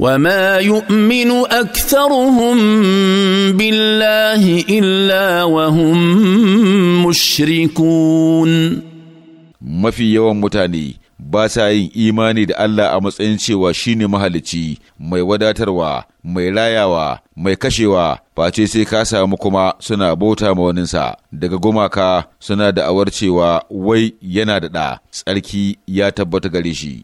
وما يؤمن اكثرهم بالله الا وهم mushrikun. mafi yawan mutane ba sa yin imani da Allah a matsayin cewa shine mahalicci mai wadatarwa mai rayawa mai kashewa face sai ka samu kuma suna bauta ma waninsa daga gumaka suna da'awar cewa wai yana da ɗa tsarki ya tabbata gare shi